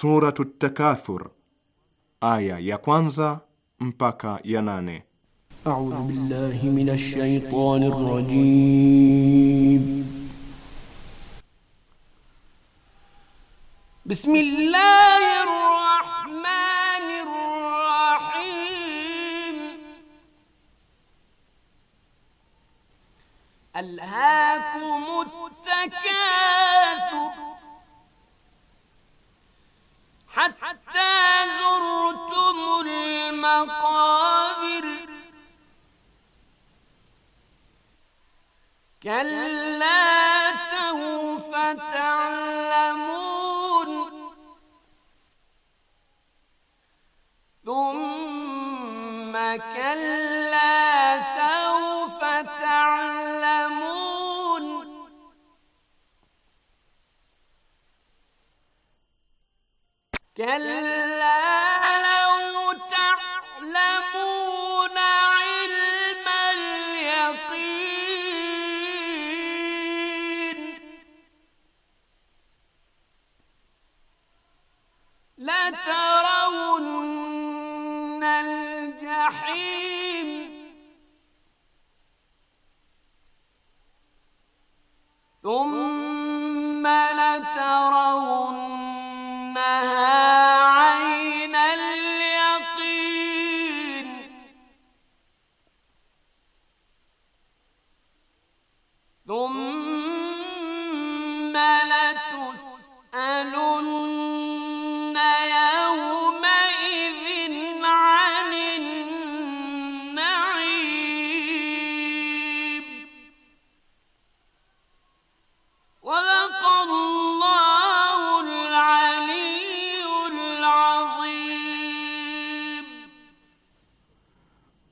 Suratu Takathur aya ya kwanza mpaka ya nane. A'udhu billahi minash shaitanir rajim. Bismillah كلا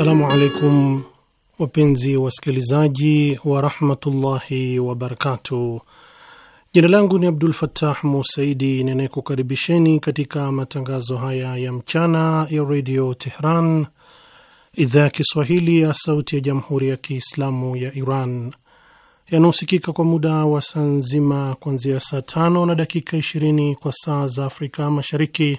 Assalamu alaikum wapenzi wasikilizaji warahmatullahi wabarakatuh. Jina langu ni Abdul Fattah Musaidi ninayekukaribisheni katika matangazo haya ya mchana ya redio Tehran, idhaa ya Kiswahili ya sauti ya jamhuri ya Kiislamu ya Iran yanaosikika kwa muda wa saa nzima kuanzia saa tano na dakika 20 kwa saa za Afrika Mashariki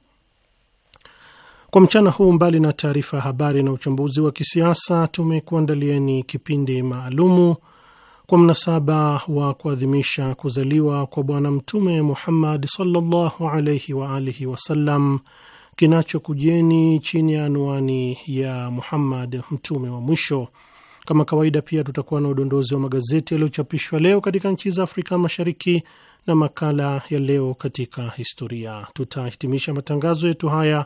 Kwa mchana huu, mbali na taarifa ya habari na uchambuzi wa kisiasa, tumekuandalieni kipindi maalumu kwa mnasaba wa kuadhimisha kuzaliwa kwa Bwana Mtume Muhammad sallallahu alaihi wa alihi wasallam, kinachokujeni chini ya anwani ya Muhammad mtume wa mwisho. Kama kawaida, pia tutakuwa na udondozi wa magazeti yaliyochapishwa leo katika nchi za Afrika Mashariki na makala ya leo katika historia. Tutahitimisha matangazo yetu haya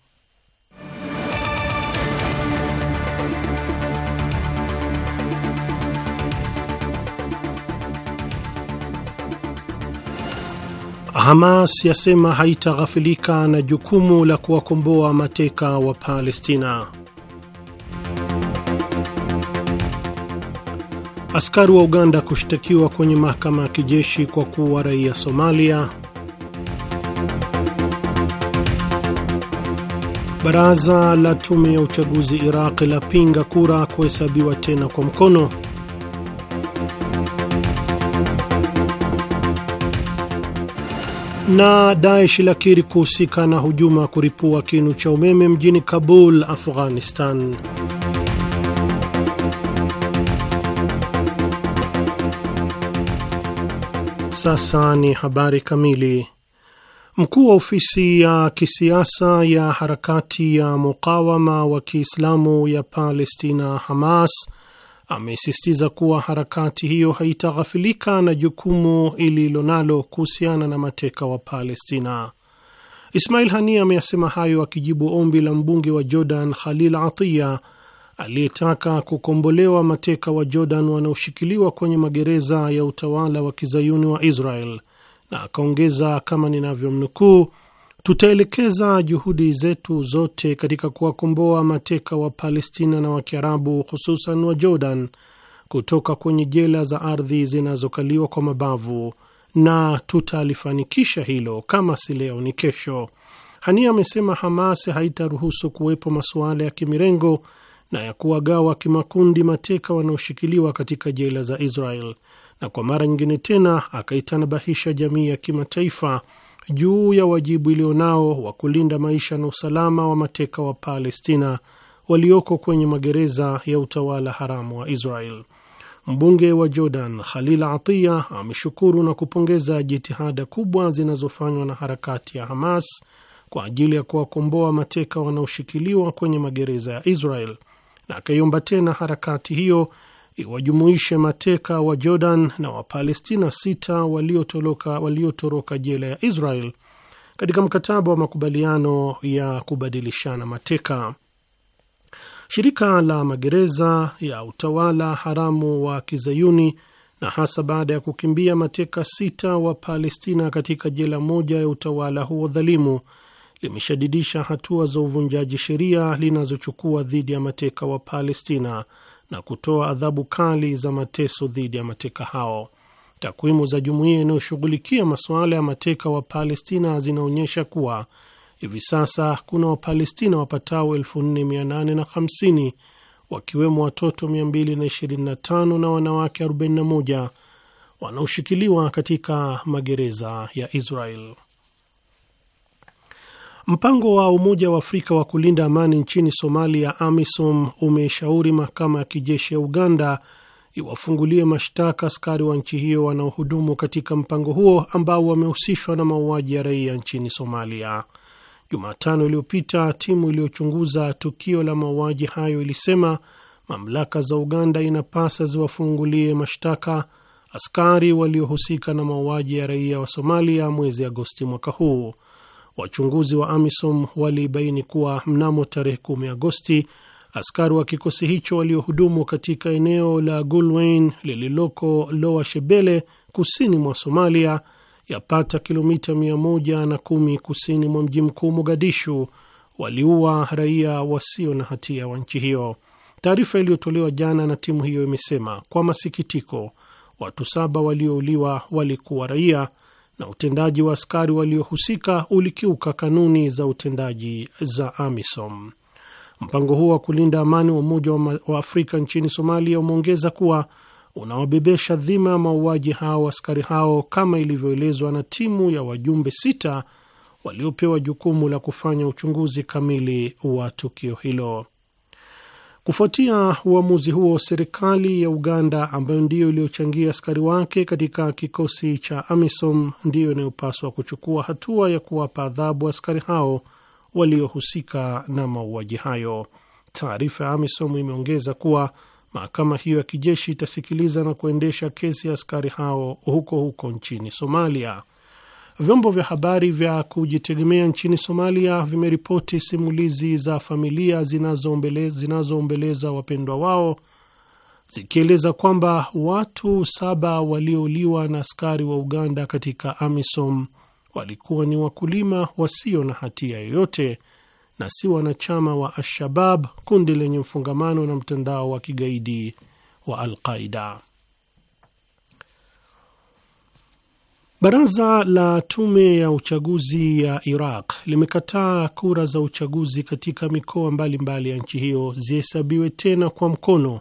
Hamas yasema haitaghafilika na jukumu la kuwakomboa mateka wa Palestina. Askari wa Uganda kushtakiwa kwenye mahakama ya kijeshi kwa kuua raia Somalia. Baraza la tume ya uchaguzi Iraq lapinga kura kuhesabiwa tena kwa mkono Na Daesh lakiri kuhusika na hujuma kuripua kinu cha umeme mjini Kabul, Afghanistan. Sasa ni habari kamili. Mkuu wa ofisi ya kisiasa ya harakati ya mukawama wa Kiislamu ya Palestina Hamas amesisitiza kuwa harakati hiyo haitaghafilika na jukumu ililo nalo kuhusiana na mateka wa Palestina. Ismail hani ameyasema hayo akijibu ombi la mbunge wa Jordan Khalil Atiya aliyetaka kukombolewa mateka wa Jordan wanaoshikiliwa kwenye magereza ya utawala wa kizayuni wa Israel, na akaongeza kama ninavyomnukuu Tutaelekeza juhudi zetu zote katika kuwakomboa mateka wa Palestina na wa Kiarabu, hususan wa Jordan, kutoka kwenye jela za ardhi zinazokaliwa kwa mabavu, na tutalifanikisha hilo kama si leo ni kesho. Hania amesema Hamas haitaruhusu kuwepo masuala ya kimirengo na ya kuwagawa kimakundi mateka wanaoshikiliwa katika jela za Israel, na kwa mara nyingine tena akaitanabahisha jamii ya kimataifa juu ya wajibu ilionao wa kulinda maisha na usalama wa mateka wa Palestina walioko kwenye magereza ya utawala haramu wa Israel. Mbunge wa Jordan Khalil Atiya ameshukuru na kupongeza jitihada kubwa zinazofanywa na harakati ya Hamas kwa ajili ya kuwakomboa mateka wanaoshikiliwa kwenye magereza ya Israel na akaiomba tena harakati hiyo iwajumuishe mateka wa Jordan na Wapalestina sita waliotoroka waliotoroka jela ya Israel katika mkataba wa makubaliano ya kubadilishana mateka. Shirika la magereza ya utawala haramu wa Kizayuni na hasa baada ya kukimbia mateka sita wa Palestina katika jela moja ya utawala huo dhalimu limeshadidisha hatua za uvunjaji sheria linazochukua dhidi ya mateka wa Palestina na kutoa adhabu kali za mateso dhidi ya mateka hao. Takwimu za jumuiya inayoshughulikia masuala ya mateka wa Palestina zinaonyesha kuwa hivi sasa kuna Wapalestina wapatao 4850 wakiwemo watoto 225 na wanawake 41 wanaoshikiliwa katika magereza ya Israel. Mpango wa Umoja wa Afrika wa kulinda amani nchini Somalia, AMISOM, umeshauri mahakama ya kijeshi ya Uganda iwafungulie mashtaka askari wa nchi hiyo wanaohudumu katika mpango huo ambao wamehusishwa na mauaji ya raia nchini Somalia. Jumatano iliyopita timu iliyochunguza tukio la mauaji hayo ilisema mamlaka za Uganda inapasa ziwafungulie mashtaka askari waliohusika na mauaji ya raia wa Somalia mwezi Agosti mwaka huu. Wachunguzi wa AMISOM walibaini kuwa mnamo tarehe 10 Agosti, askari wa kikosi hicho waliohudumu katika eneo la Gulwayn lililoko Loa Shebele, kusini mwa Somalia, yapata kilomita 110 kusini mwa mji mkuu Mogadishu, waliua raia wasio na hatia wa nchi hiyo. Taarifa iliyotolewa jana na timu hiyo imesema kwa masikitiko, watu saba waliouliwa walikuwa raia na utendaji wa askari waliohusika ulikiuka kanuni za utendaji za AMISOM. Mpango huo wa kulinda amani wa Umoja wa Afrika nchini Somalia umeongeza kuwa unawabebesha dhima ya mauaji hao askari hao kama ilivyoelezwa na timu ya wajumbe sita waliopewa jukumu la kufanya uchunguzi kamili wa tukio hilo. Kufuatia uamuzi huo, serikali ya Uganda ambayo ndiyo iliyochangia askari wake katika kikosi cha AMISOM ndiyo inayopaswa kuchukua hatua ya kuwapa adhabu askari hao waliohusika na mauaji hayo. Taarifa ya AMISOM imeongeza kuwa mahakama hiyo ya kijeshi itasikiliza na kuendesha kesi ya askari hao huko huko nchini Somalia. Vyombo vya habari vya kujitegemea nchini Somalia vimeripoti simulizi za familia zinazoombeleza zinazo wapendwa wao zikieleza kwamba watu saba waliouliwa na askari wa Uganda katika AMISOM walikuwa ni wakulima wasio na hatia yoyote na si wanachama wa al-shabab kundi lenye mfungamano na mtandao wa kigaidi wa Alqaida. Baraza la tume ya uchaguzi ya Iraq limekataa kura za uchaguzi katika mikoa mbalimbali mbali ya nchi hiyo zihesabiwe tena kwa mkono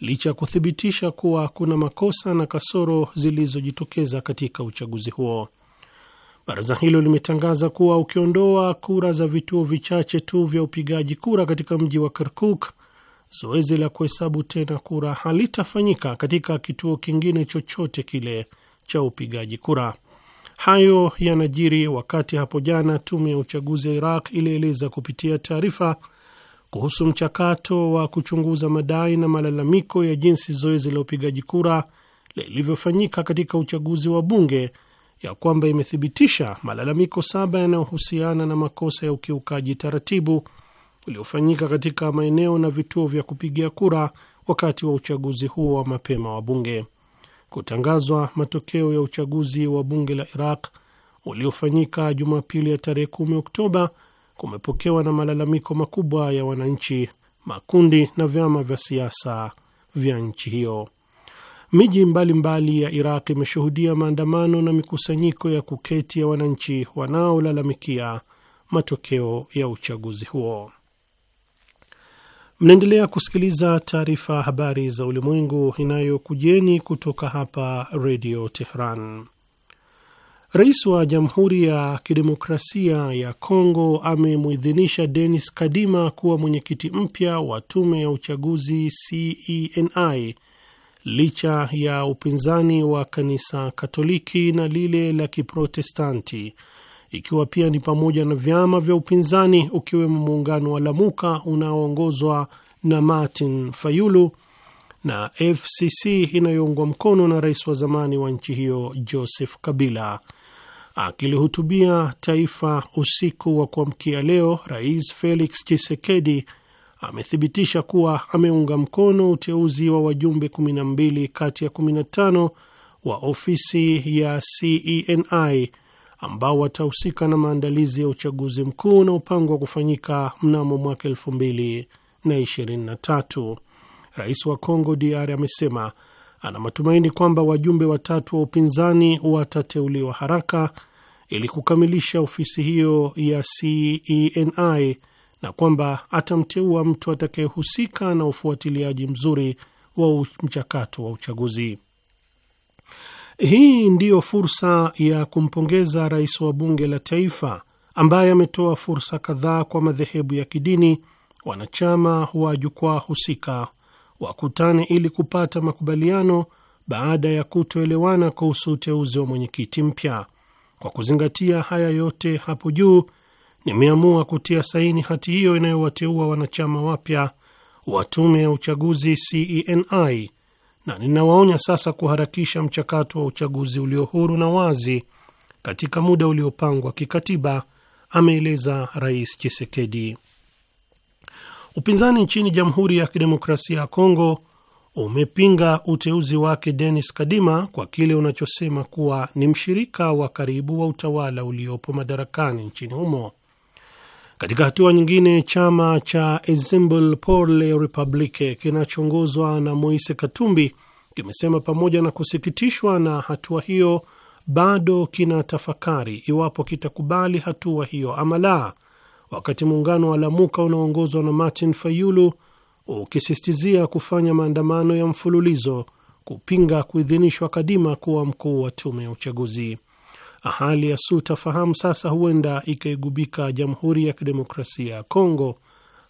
licha ya kuthibitisha kuwa kuna makosa na kasoro zilizojitokeza katika uchaguzi huo. Baraza hilo limetangaza kuwa ukiondoa kura za vituo vichache tu vya upigaji kura katika mji wa Kirkuk, zoezi la kuhesabu tena kura halitafanyika katika kituo kingine chochote kile cha upigaji kura. Hayo yanajiri wakati hapo jana tume ya uchaguzi ya Iraq ilieleza kupitia taarifa kuhusu mchakato wa kuchunguza madai na malalamiko ya jinsi zoezi la upigaji kura lilivyofanyika katika uchaguzi wa bunge ya kwamba imethibitisha malalamiko saba yanayohusiana na makosa ya ukiukaji taratibu uliofanyika katika maeneo na vituo vya kupigia kura wakati wa uchaguzi huo wa mapema wa bunge kutangazwa matokeo ya uchaguzi wa bunge la Iraq uliofanyika Jumapili ya tarehe kumi Oktoba kumepokewa na malalamiko makubwa ya wananchi, makundi na vyama vya siasa vya nchi hiyo. Miji mbalimbali mbali ya Iraq imeshuhudia maandamano na mikusanyiko ya kuketi ya wananchi wanaolalamikia matokeo ya uchaguzi huo. Mnaendelea kusikiliza taarifa habari za ulimwengu inayokujeni kutoka hapa redio Tehran. Rais wa Jamhuri ya Kidemokrasia ya Kongo amemwidhinisha Denis Kadima kuwa mwenyekiti mpya wa tume ya uchaguzi CENI licha ya upinzani wa kanisa Katoliki na lile la Kiprotestanti ikiwa pia ni pamoja na vyama vya upinzani ukiwemo muungano wa Lamuka unaoongozwa na Martin Fayulu na FCC inayoungwa mkono na rais wa zamani wa nchi hiyo Joseph Kabila. Akilihutubia taifa usiku wa kuamkia leo, Rais Felix Tshisekedi amethibitisha kuwa ameunga mkono uteuzi wa wajumbe 12 kati ya 15 wa ofisi ya CENI ambao watahusika na maandalizi ya uchaguzi mkuu unaopangwa kufanyika mnamo mwaka tatu. Rais wa Congo DR amesema ana matumaini kwamba wajumbe watatu wa upinzani watateuliwa haraka ili kukamilisha ofisi hiyo ya CENI na kwamba atamteua mtu atakayehusika na ufuatiliaji mzuri wa mchakato wa uchaguzi. Hii ndiyo fursa ya kumpongeza rais wa bunge la taifa ambaye ametoa fursa kadhaa kwa madhehebu ya kidini wanachama wa jukwaa husika wakutane ili kupata makubaliano baada ya kutoelewana kuhusu uteuzi wa mwenyekiti mpya. Kwa kuzingatia haya yote hapo juu, nimeamua kutia saini hati hiyo inayowateua wanachama wapya wa tume ya uchaguzi CENI na ninawaonya sasa kuharakisha mchakato wa uchaguzi ulio huru na wazi katika muda uliopangwa kikatiba, ameeleza Rais Chisekedi. Upinzani nchini Jamhuri ya Kidemokrasia ya Kongo umepinga uteuzi wake Denis Kadima kwa kile unachosema kuwa ni mshirika wa karibu wa utawala uliopo madarakani nchini humo. Katika hatua nyingine, chama cha Ensemble pour la Republique kinachoongozwa na Moise Katumbi kimesema pamoja na kusikitishwa na hatua hiyo, bado kina tafakari iwapo kitakubali hatua hiyo ama la, wakati muungano wa Lamuka unaoongozwa na Martin Fayulu ukisistizia kufanya maandamano ya mfululizo kupinga kuidhinishwa Kadima kuwa mkuu wa tume ya uchaguzi. Hali ya sutafahamu sasa huenda ikaigubika Jamhuri ya Kidemokrasia ya Kongo,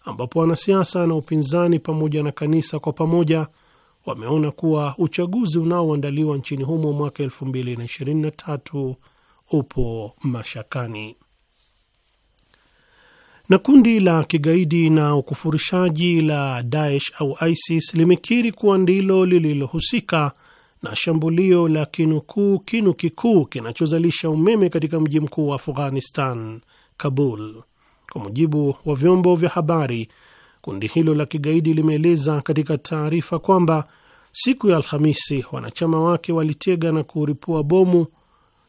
ambapo wanasiasa na upinzani pamoja na kanisa kwa pamoja wameona kuwa uchaguzi unaoandaliwa nchini humo mwaka 2023 upo mashakani. Na kundi la kigaidi na ukufurishaji la Daesh au ISIS limekiri kuwa ndilo lililohusika na shambulio la kinukuu kinu kikuu kinachozalisha umeme katika mji mkuu wa Afghanistan, Kabul. Kwa mujibu wa vyombo vya habari, kundi hilo la kigaidi limeeleza katika taarifa kwamba siku ya Alhamisi wanachama wake walitega na kuripua bomu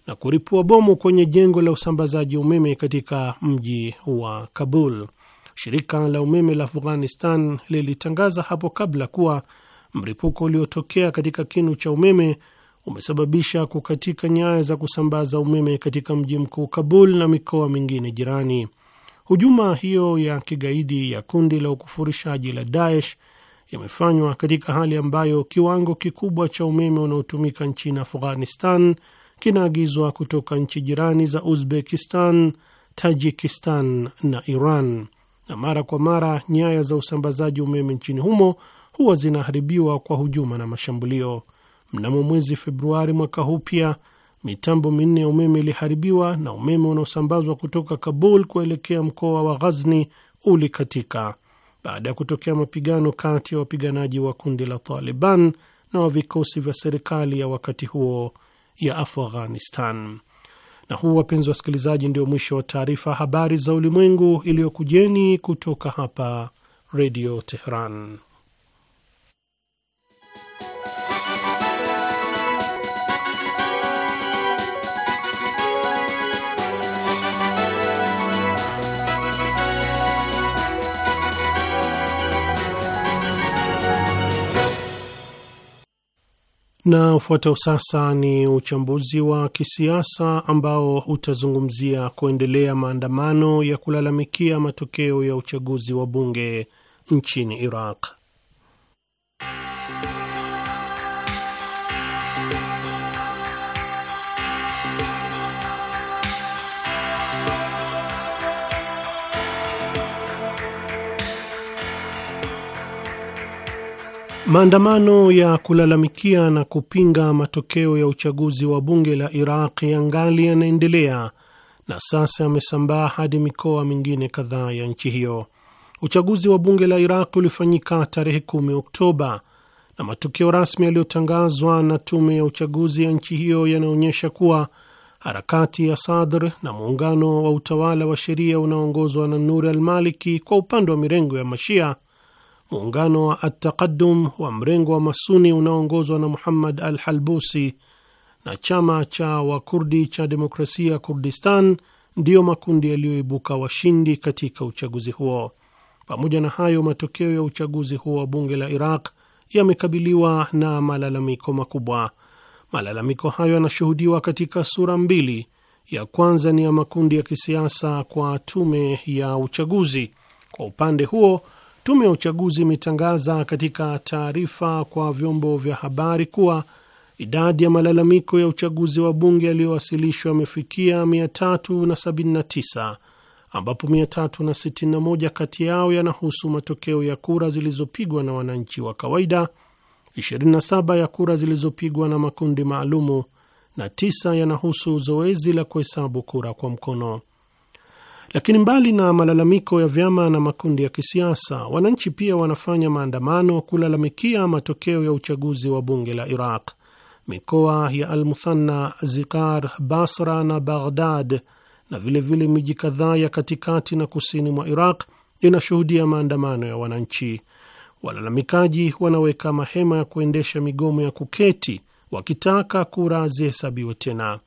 na kuripua bomu kwenye jengo la usambazaji umeme katika mji wa Kabul. Shirika la umeme la Afghanistan lilitangaza hapo kabla kuwa mlipuko uliotokea katika kinu cha umeme umesababisha kukatika nyaya za kusambaza umeme katika mji mkuu Kabul na mikoa mingine jirani. Hujuma hiyo ya kigaidi ya kundi la ukufurishaji la Daesh imefanywa katika hali ambayo kiwango kikubwa cha umeme unaotumika nchini Afghanistan kinaagizwa kutoka nchi jirani za Uzbekistan, Tajikistan na Iran, na mara kwa mara nyaya za usambazaji umeme nchini humo huwa zinaharibiwa kwa hujuma na mashambulio. Mnamo mwezi Februari mwaka huu pia mitambo minne ya umeme iliharibiwa na umeme unaosambazwa kutoka Kabul kuelekea mkoa wa Ghazni ulikatika baada ya kutokea mapigano kati ya wapiganaji wa kundi la Taliban na wa vikosi vya serikali ya wakati huo ya Afghanistan. Na huu, wapenzi wasikilizaji, ndio mwisho wa taarifa habari za ulimwengu iliyokujeni kutoka hapa Redio Tehran. Na ufuatao sasa ni uchambuzi wa kisiasa ambao utazungumzia kuendelea maandamano ya kulalamikia matokeo ya uchaguzi wa bunge nchini Iraq. Maandamano ya kulalamikia na kupinga matokeo ya uchaguzi wa bunge la Iraq yangali yanaendelea na sasa yamesambaa hadi mikoa mingine kadhaa ya nchi hiyo. Uchaguzi wa bunge la Iraq ulifanyika tarehe 10 Oktoba na matokeo rasmi yaliyotangazwa na tume ya uchaguzi ya nchi hiyo yanaonyesha kuwa harakati ya Sadr na muungano wa utawala wa sheria unaoongozwa na Nur al Maliki kwa upande wa mirengo ya Mashia muungano wa Attaqadum wa mrengo wa Masuni unaoongozwa na Muhammad al Halbusi na chama cha Wakurdi cha demokrasia Kurdistan ndiyo makundi yaliyoibuka washindi katika uchaguzi huo. Pamoja na hayo, matokeo ya uchaguzi huo wa bunge la Iraq yamekabiliwa na malalamiko makubwa. Malalamiko hayo yanashuhudiwa katika sura mbili. Ya kwanza ni ya makundi ya kisiasa kwa tume ya uchaguzi. Kwa upande huo Tume ya uchaguzi imetangaza katika taarifa kwa vyombo vya habari kuwa idadi ya malalamiko ya uchaguzi wa bunge yaliyowasilishwa yamefikia 379 ambapo 361 kati yao yanahusu matokeo ya kura zilizopigwa na wananchi wa kawaida, 27 ya kura zilizopigwa na makundi maalumu na 9 yanahusu zoezi la kuhesabu kura kwa mkono. Lakini mbali na malalamiko ya vyama na makundi ya kisiasa, wananchi pia wanafanya maandamano kulalamikia matokeo ya uchaguzi wa bunge la Iraq. Mikoa ya Almuthanna, Zikar, Basra na Baghdad na vilevile miji kadhaa ya katikati na kusini mwa Iraq inashuhudia maandamano ya wananchi. Walalamikaji wanaweka mahema ya kuendesha migomo ya kuketi wakitaka kura zihesabiwe tena.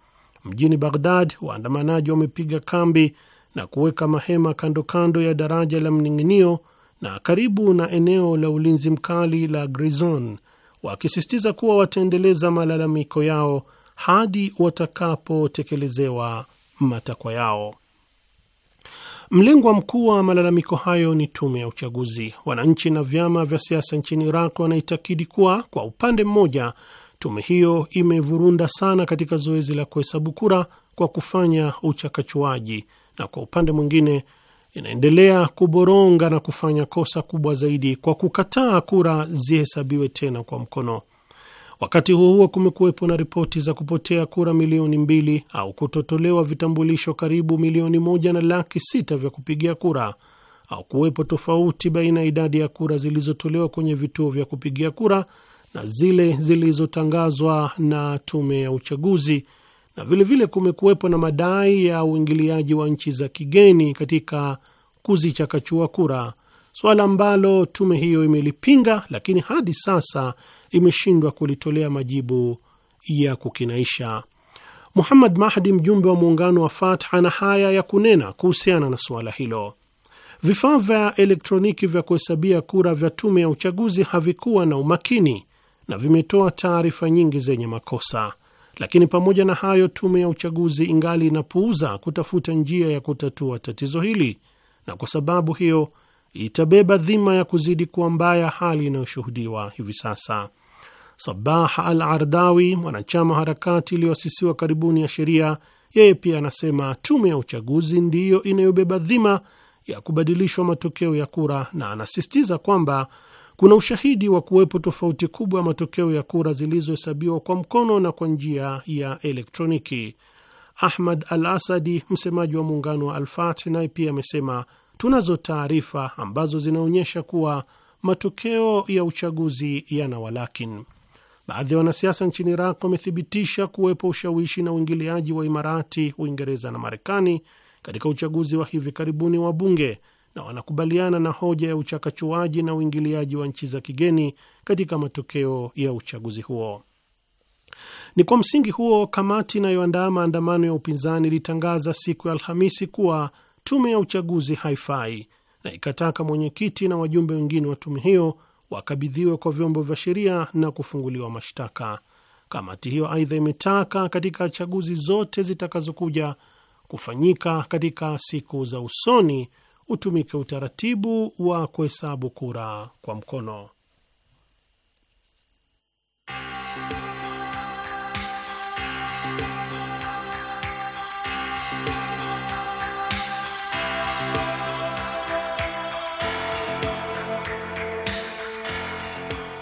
Mjini Baghdad, waandamanaji wamepiga kambi na kuweka mahema kando kando ya daraja la mning'inio na karibu na eneo la ulinzi mkali la Grison, wakisisitiza kuwa wataendeleza malalamiko yao hadi watakapotekelezewa matakwa yao. Mlengwa mkuu wa malalamiko hayo ni tume ya uchaguzi. Wananchi na vyama vya siasa nchini Iraq wanaitakidi kuwa kwa upande mmoja, tume hiyo imevurunda sana katika zoezi la kuhesabu kura kwa kufanya uchakachuaji na kwa upande mwingine inaendelea kuboronga na kufanya kosa kubwa zaidi kwa kukataa kura zihesabiwe tena kwa mkono. Wakati huo huo, kumekuwepo na ripoti za kupotea kura milioni mbili au kutotolewa vitambulisho karibu milioni moja na laki sita vya kupigia kura au kuwepo tofauti baina ya idadi ya kura zilizotolewa kwenye vituo vya kupigia kura na zile zilizotangazwa na tume ya uchaguzi na vilevile kumekuwepo na madai ya uingiliaji wa nchi za kigeni katika kuzichakachua kura, suala ambalo tume hiyo imelipinga, lakini hadi sasa imeshindwa kulitolea majibu ya kukinaisha. Muhammad Mahdi, mjumbe wa muungano wa Fatah, ana haya ya kunena kuhusiana na suala hilo. Vifaa vya elektroniki vya kuhesabia kura vya tume ya uchaguzi havikuwa na umakini na vimetoa taarifa nyingi zenye makosa. Lakini pamoja na hayo, tume ya uchaguzi ingali inapuuza kutafuta njia ya kutatua tatizo hili, na kwa sababu hiyo itabeba dhima ya kuzidi kuwa mbaya hali inayoshuhudiwa hivi sasa. Sabah Al Ardawi, mwanachama harakati iliyoasisiwa karibuni ya sheria, yeye pia anasema tume ya uchaguzi ndiyo inayobeba dhima ya kubadilishwa matokeo ya kura, na anasisitiza kwamba kuna ushahidi wa kuwepo tofauti kubwa ya matokeo ya kura zilizohesabiwa kwa mkono na kwa njia ya elektroniki. Ahmad Al Asadi, msemaji wa muungano wa Alfat, naye pia amesema tunazo taarifa ambazo zinaonyesha kuwa matokeo ya uchaguzi yana walakin. Baadhi ya wanasiasa nchini Iraq wamethibitisha kuwepo ushawishi na uingiliaji wa Imarati, Uingereza na Marekani katika uchaguzi wa hivi karibuni wa bunge na wanakubaliana na hoja ya uchakachuaji na uingiliaji wa nchi za kigeni katika matokeo ya uchaguzi huo. Ni kwa msingi huo kamati inayoandaa maandamano ya upinzani ilitangaza siku ya Alhamisi kuwa tume ya uchaguzi haifai na ikataka mwenyekiti na wajumbe wengine wa tume hiyo wakabidhiwe kwa vyombo vya sheria na kufunguliwa mashtaka. Kamati hiyo aidha imetaka katika chaguzi zote zitakazokuja kufanyika katika siku za usoni utumike utaratibu wa kuhesabu kura kwa mkono.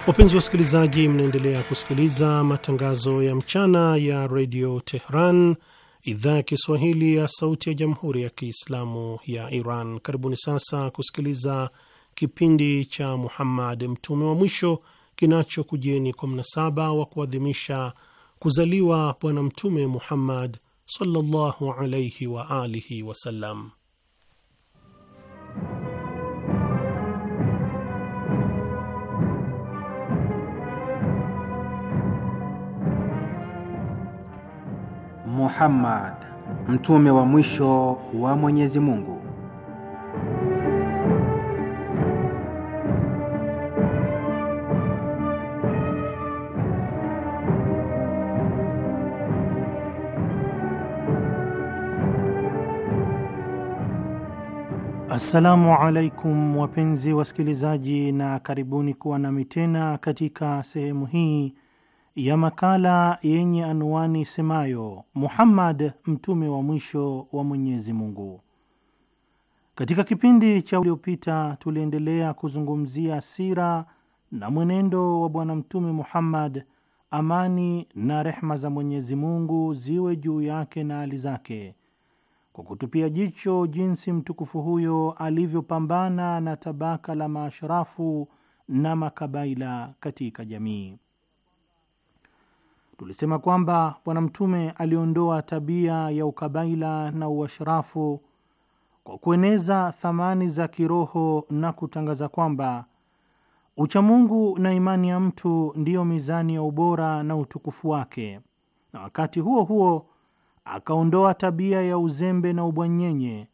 Wapenzi wa wasikilizaji, mnaendelea kusikiliza matangazo ya mchana ya redio Tehran, idhaa ya Kiswahili ya Sauti ya Jamhuri ya Kiislamu ya Iran. Karibuni sasa kusikiliza kipindi cha Muhammad Mtume wa Mwisho kinachokujeni kwa mnasaba wa kuadhimisha kuzaliwa Bwana Mtume Muhammad sallallahu alaihi wa alihi wasallam. Muhammad, mtume wa mwisho wa Mwenyezi Mungu. Assalamu alaikum wapenzi wasikilizaji, na karibuni kuwa nami tena katika sehemu hii ya makala yenye anwani semayo Muhammad mtume wa mwisho wa Mwenyezi Mungu. Katika kipindi cha uliopita tuliendelea kuzungumzia sira na mwenendo wa Bwana Mtume Muhammad, amani na rehma za Mwenyezi Mungu ziwe juu yake na ali zake, kwa kutupia jicho jinsi mtukufu huyo alivyopambana na tabaka la maashrafu na makabaila katika jamii. Tulisema kwamba Bwana Mtume aliondoa tabia ya ukabaila na uashrafu kwa kueneza thamani za kiroho na kutangaza kwamba uchamungu na imani ya mtu ndiyo mizani ya ubora na utukufu wake, na wakati huo huo akaondoa tabia ya uzembe na ubwanyenye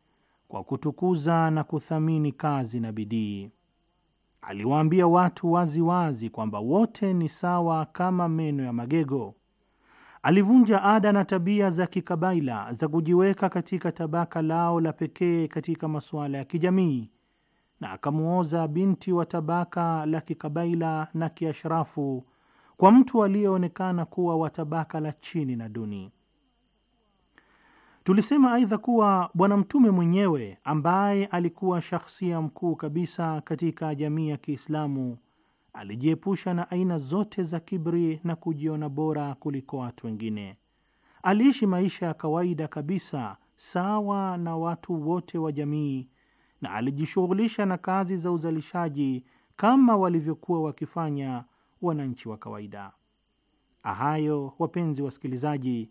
kwa kutukuza na kuthamini kazi na bidii aliwaambia watu wazi wazi kwamba wote ni sawa kama meno ya magego. Alivunja ada na tabia za kikabaila za kujiweka katika tabaka lao la pekee katika masuala ya kijamii, na akamwoza binti wa tabaka la kikabaila na kiashrafu kwa mtu aliyeonekana kuwa wa tabaka la chini na duni. Tulisema aidha kuwa Bwana Mtume mwenyewe ambaye alikuwa shahsia mkuu kabisa katika jamii ya Kiislamu alijiepusha na aina zote za kibri na kujiona bora kuliko watu wengine. Aliishi maisha ya kawaida kabisa sawa na watu wote wa jamii, na alijishughulisha na kazi za uzalishaji kama walivyokuwa wakifanya wananchi wa kawaida. Ahayo, wapenzi wasikilizaji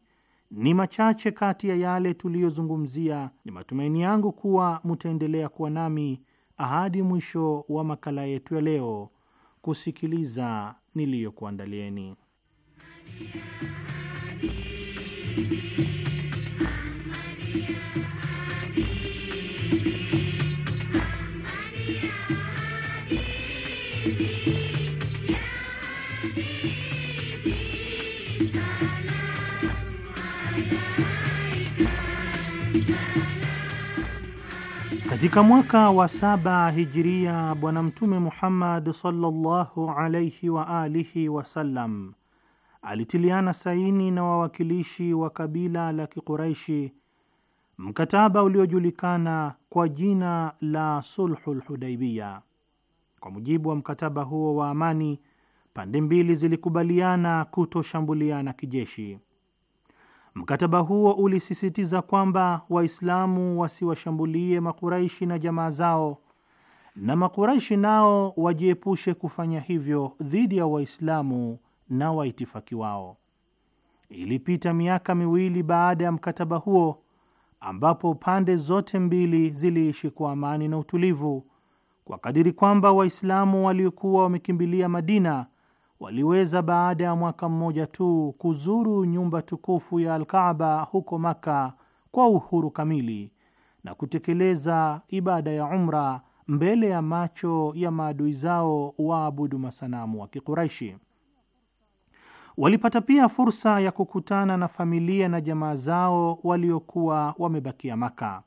ni machache kati ya yale tuliyozungumzia. Ni matumaini yangu kuwa mutaendelea kuwa nami ahadi mwisho wa makala yetu ya leo kusikiliza niliyokuandalieni. Katika mwaka wa saba hijiria, Bwana Mtume Muhammad sallallahu alaihi wa alihi wasallam alitiliana saini na wawakilishi wa kabila la Kiquraishi mkataba uliojulikana kwa jina la Sulhul Hudaibiya. Kwa mujibu wa mkataba huo wa amani, pande mbili zilikubaliana kutoshambuliana kijeshi. Mkataba huo ulisisitiza kwamba Waislamu wasiwashambulie Makuraishi na jamaa zao na Makuraishi nao wajiepushe kufanya hivyo dhidi ya Waislamu na waitifaki wao. Ilipita miaka miwili baada ya mkataba huo ambapo pande zote mbili ziliishi kwa amani na utulivu, kwa kadiri kwamba Waislamu waliokuwa wamekimbilia Madina waliweza baada ya mwaka mmoja tu kuzuru nyumba tukufu ya Alkaaba huko Maka kwa uhuru kamili na kutekeleza ibada ya umra mbele ya macho ya maadui zao waabudu masanamu wa Kikuraishi. Walipata pia fursa ya kukutana na familia na jamaa zao waliokuwa wamebakia Maka.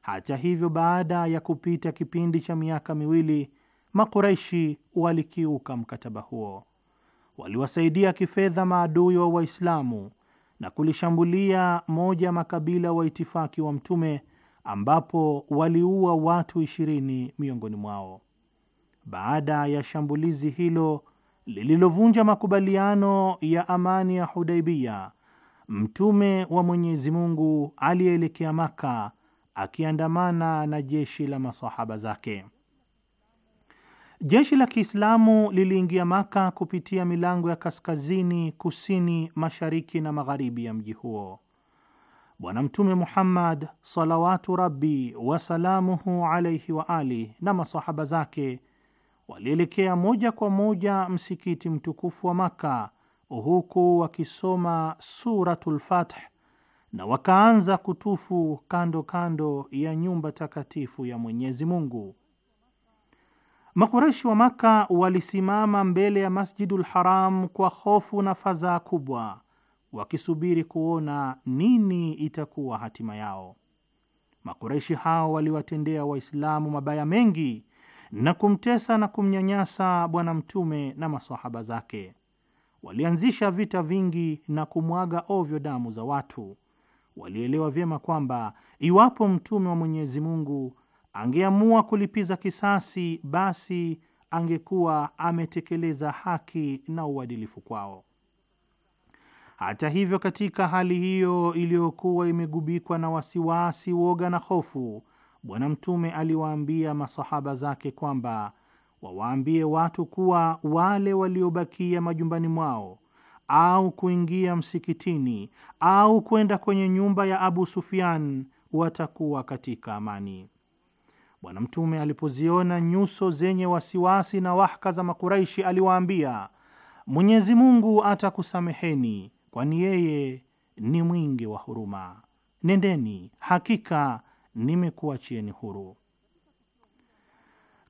Hata hivyo, baada ya kupita kipindi cha miaka miwili, Makuraishi walikiuka mkataba huo waliwasaidia kifedha maadui wa Waislamu na kulishambulia moja makabila wa itifaki wa Mtume ambapo waliua watu ishirini miongoni mwao. Baada ya shambulizi hilo lililovunja makubaliano ya amani ya Hudaibia, Mtume wa Mwenyezi Mungu aliyeelekea Maka akiandamana na jeshi la masahaba zake. Jeshi la Kiislamu liliingia Maka kupitia milango ya kaskazini, kusini, mashariki na magharibi ya mji huo. Bwana Mtume Muhammad salawatu rabi wasalamuhu alaihi wa ali na masahaba zake walielekea moja kwa moja msikiti mtukufu wa Maka huku wakisoma Suratul Fath na wakaanza kutufu kando kando ya nyumba takatifu ya Mwenyezi Mungu. Makureshi wa Maka walisimama mbele ya Masjidul Haram kwa hofu na fadhaa kubwa, wakisubiri kuona nini itakuwa hatima yao. Makureshi hao waliwatendea Waislamu mabaya mengi na kumtesa na kumnyanyasa Bwana Mtume na masahaba zake. Walianzisha vita vingi na kumwaga ovyo damu za watu. Walielewa vyema kwamba iwapo Mtume wa Mwenyezi Mungu angeamua kulipiza kisasi, basi angekuwa ametekeleza haki na uadilifu kwao. Hata hivyo, katika hali hiyo iliyokuwa imegubikwa na wasiwasi, woga na hofu, Bwana Mtume aliwaambia masahaba zake kwamba wawaambie watu kuwa wale waliobakia majumbani mwao au kuingia msikitini au kwenda kwenye nyumba ya Abu Sufyan watakuwa katika amani. Bwana Mtume alipoziona nyuso zenye wasiwasi na wahka za Makuraishi, aliwaambia, Mwenyezi Mungu atakusameheni, kwani yeye ni mwingi wa huruma. Nendeni, hakika nimekuachieni huru.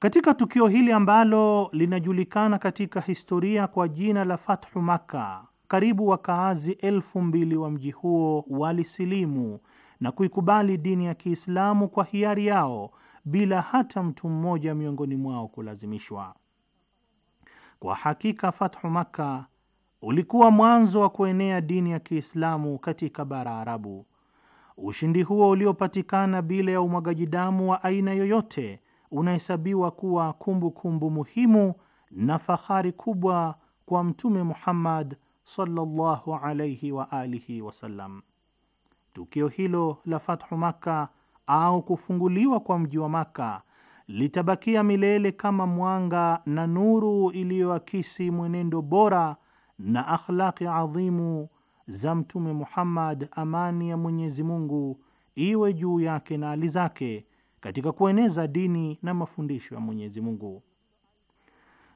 Katika tukio hili ambalo linajulikana katika historia kwa jina la Fathu Makka, karibu wakaazi elfu mbili wa mji huo walisilimu na kuikubali dini ya Kiislamu kwa hiari yao bila hata mtu mmoja miongoni mwao kulazimishwa. Kwa hakika fathu Makka ulikuwa mwanzo wa kuenea dini ya Kiislamu katika bara Arabu. Ushindi huo uliopatikana bila ya umwagaji damu wa aina yoyote unahesabiwa kuwa kumbukumbu kumbu muhimu na fahari kubwa kwa Mtume Muhammad sallallahu alayhi wa alihi wasallam. Tukio hilo la fathu Makka au kufunguliwa kwa mji wa Maka litabakia milele kama mwanga na nuru iliyoakisi mwenendo bora na akhlaqi adhimu za Mtume Muhammad, amani ya Mwenyezi Mungu iwe juu yake na ali zake, katika kueneza dini na mafundisho ya Mwenyezi Mungu.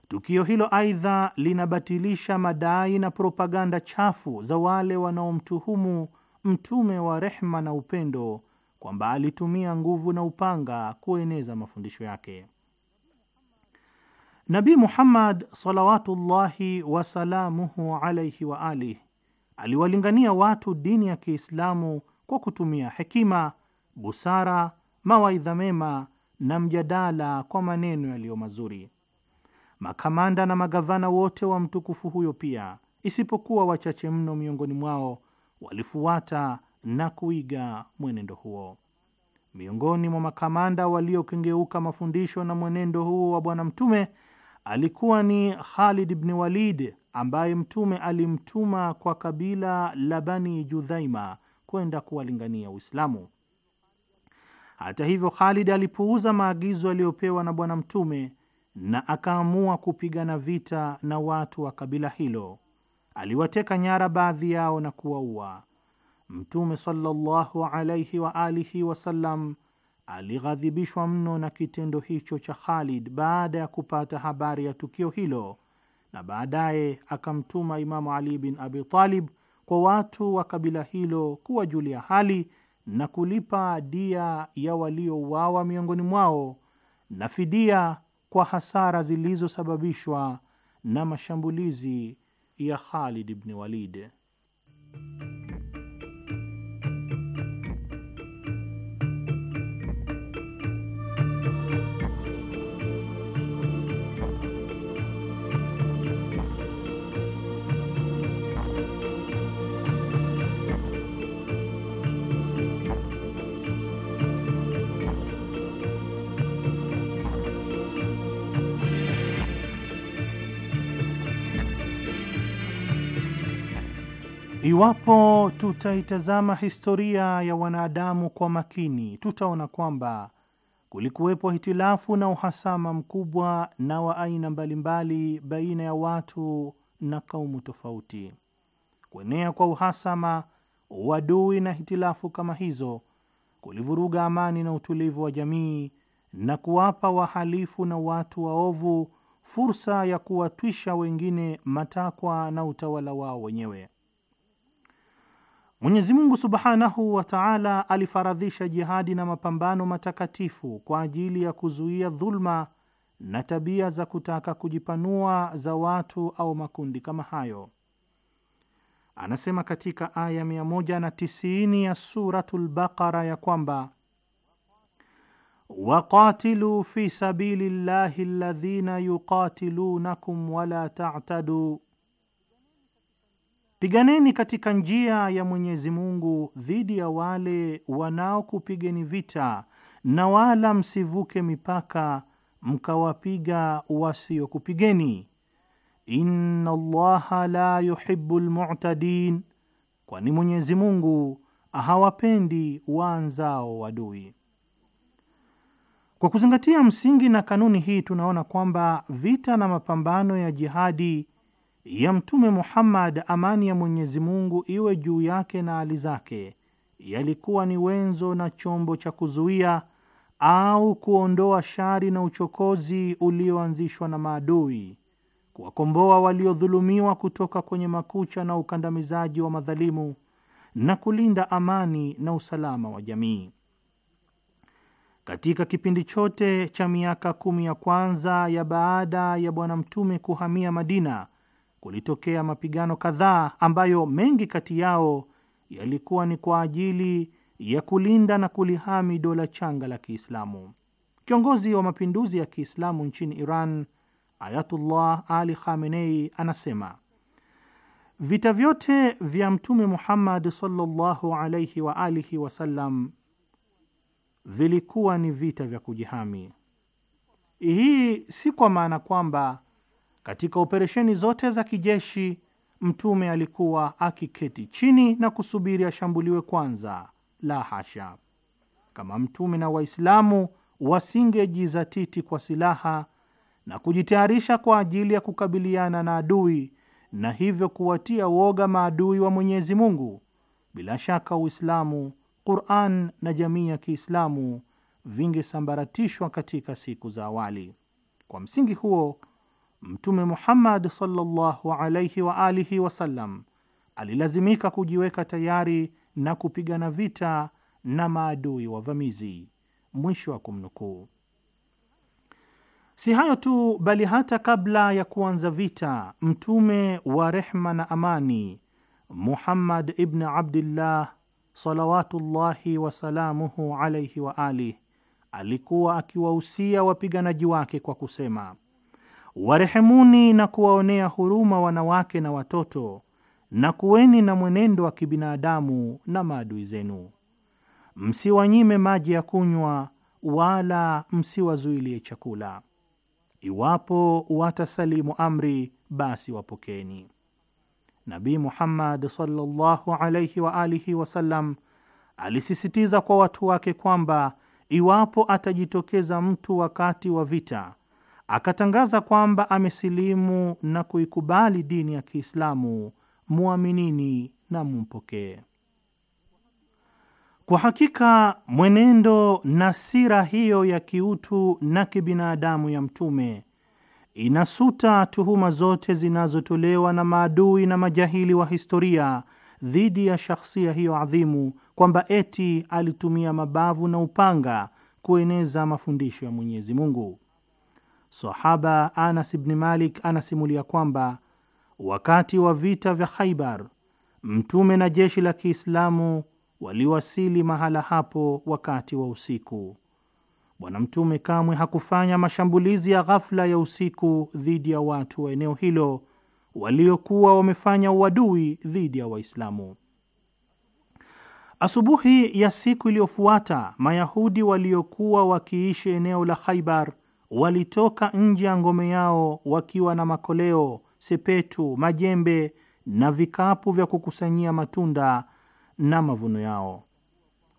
Tukio hilo aidha linabatilisha madai na propaganda chafu za wale wanaomtuhumu mtume wa rehma na upendo kwamba alitumia nguvu na upanga kueneza mafundisho yake. Nabi Muhammad salawatullahi wasalamuhu alaihi wa alih aliwalingania watu dini ya Kiislamu kwa kutumia hekima, busara, mawaidha mema na mjadala kwa maneno yaliyo mazuri. Makamanda na magavana wote wa mtukufu huyo pia, isipokuwa wachache mno miongoni mwao, walifuata na kuiga mwenendo huo. Miongoni mwa makamanda waliokengeuka mafundisho na mwenendo huo wa Bwana Mtume alikuwa ni Khalid bni Walid ambaye Mtume alimtuma kwa kabila la Bani Judhaima kwenda kuwalingania Uislamu. Hata hivyo, Khalid alipuuza maagizo aliyopewa na Bwana Mtume na akaamua kupigana vita na watu wa kabila hilo. Aliwateka nyara baadhi yao na kuwaua. Mtume sallallahu alayhi wa alihi wasallam alighadhibishwa mno na kitendo hicho cha Khalid baada ya kupata habari ya tukio hilo, na baadaye akamtuma Imamu Ali bin Abi Talib kwa watu wa kabila hilo kuwajulia hali na kulipa dia ya waliouawa miongoni mwao na fidia kwa hasara zilizosababishwa na mashambulizi ya Khalid ibn Walid. Iwapo tutaitazama historia ya wanadamu kwa makini, tutaona kwamba kulikuwepo hitilafu na uhasama mkubwa na wa aina mbalimbali baina ya watu na kaumu tofauti. Kuenea kwa uhasama, uadui na hitilafu kama hizo kulivuruga amani na utulivu wa jamii na kuwapa wahalifu na watu waovu fursa ya kuwatwisha wengine matakwa na utawala wao wenyewe. Mwenyezi Mungu Subhanahu wa Ta'ala alifaradhisha jihadi na mapambano matakatifu kwa ajili ya kuzuia dhulma na tabia za kutaka kujipanua za watu au makundi kama hayo. Anasema katika aya 190 ya Suratul Baqara ya kwamba waqatilu fi sabilillahi alladhina yuqatilunakum wala ta'tadu Piganeni katika njia ya Mwenyezi Mungu dhidi ya wale wanaokupigeni vita, na wala msivuke mipaka mkawapiga wasiokupigeni. Inna Allaha la yuhibbu lmutadin, kwani Mwenyezi Mungu hawapendi waanzao wadui. Kwa kuzingatia msingi na kanuni hii, tunaona kwamba vita na mapambano ya jihadi ya Mtume Muhammad, amani ya Mwenyezi Mungu iwe juu yake na ali zake, yalikuwa ni wenzo na chombo cha kuzuia au kuondoa shari na uchokozi ulioanzishwa na maadui, kuwakomboa waliodhulumiwa kutoka kwenye makucha na ukandamizaji wa madhalimu na kulinda amani na usalama wa jamii. Katika kipindi chote cha miaka kumi ya kwanza ya baada ya Bwana Mtume kuhamia Madina, kulitokea mapigano kadhaa ambayo mengi kati yao yalikuwa ni kwa ajili ya kulinda na kulihami dola changa la Kiislamu. Kiongozi wa mapinduzi ya Kiislamu nchini Iran, Ayatullah Ali Khamenei, anasema vita vyote vya Mtume Muhammad sallallahu alaihi wa alihi wasallam vilikuwa ni vita vya kujihami. Hii si kwa maana kwamba katika operesheni zote za kijeshi, Mtume alikuwa akiketi chini na kusubiri ashambuliwe kwanza? La hasha! Kama Mtume na Waislamu wasingejizatiti kwa silaha na kujitayarisha kwa ajili ya kukabiliana na adui na hivyo kuwatia woga maadui wa Mwenyezi Mungu, bila shaka Uislamu, Qur'an na jamii ya Kiislamu vingesambaratishwa katika siku za awali. Kwa msingi huo Mtume Muhammad sallallahu alayhi wa alihi wasallam alilazimika kujiweka tayari na kupigana vita na maadui wavamizi. Mwisho wa kumnukuu. Si hayo tu, bali hata kabla ya kuanza vita, mtume wa rehma na amani Muhammad ibn Abdillah salawatullahi wasalamuhu alaihi wa alih alikuwa akiwahusia wapiganaji wake kwa kusema warehemuni na kuwaonea huruma wanawake na watoto, na kuweni na mwenendo wa kibinadamu na maadui zenu. Msiwanyime maji ya kunywa, wala msiwazuilie chakula. Iwapo watasalimu amri, basi wapokeni. Nabii Muhammad sallallahu alayhi wa alihi wasallam alisisitiza kwa watu wake kwamba iwapo atajitokeza mtu wakati wa vita akatangaza kwamba amesilimu na kuikubali dini ya Kiislamu, mwaminini na mumpokee. Kwa hakika mwenendo na sira hiyo ya kiutu na kibinadamu ya Mtume inasuta tuhuma zote zinazotolewa na maadui na majahili wa historia dhidi ya shakhsia hiyo adhimu kwamba eti alitumia mabavu na upanga kueneza mafundisho ya Mwenyezi Mungu. Sahaba Anas ibni Malik anasimulia kwamba wakati wa vita vya Khaibar, Mtume na jeshi la Kiislamu waliwasili mahala hapo wakati wa usiku. Bwana Mtume kamwe hakufanya mashambulizi ya ghafla ya usiku dhidi ya watu wa eneo hilo waliokuwa wamefanya uadui dhidi ya Waislamu. Asubuhi ya siku iliyofuata, Mayahudi waliokuwa wakiishi eneo la Khaibar walitoka nje ya ngome yao wakiwa na makoleo, sepetu, majembe na vikapu vya kukusanyia matunda na mavuno yao.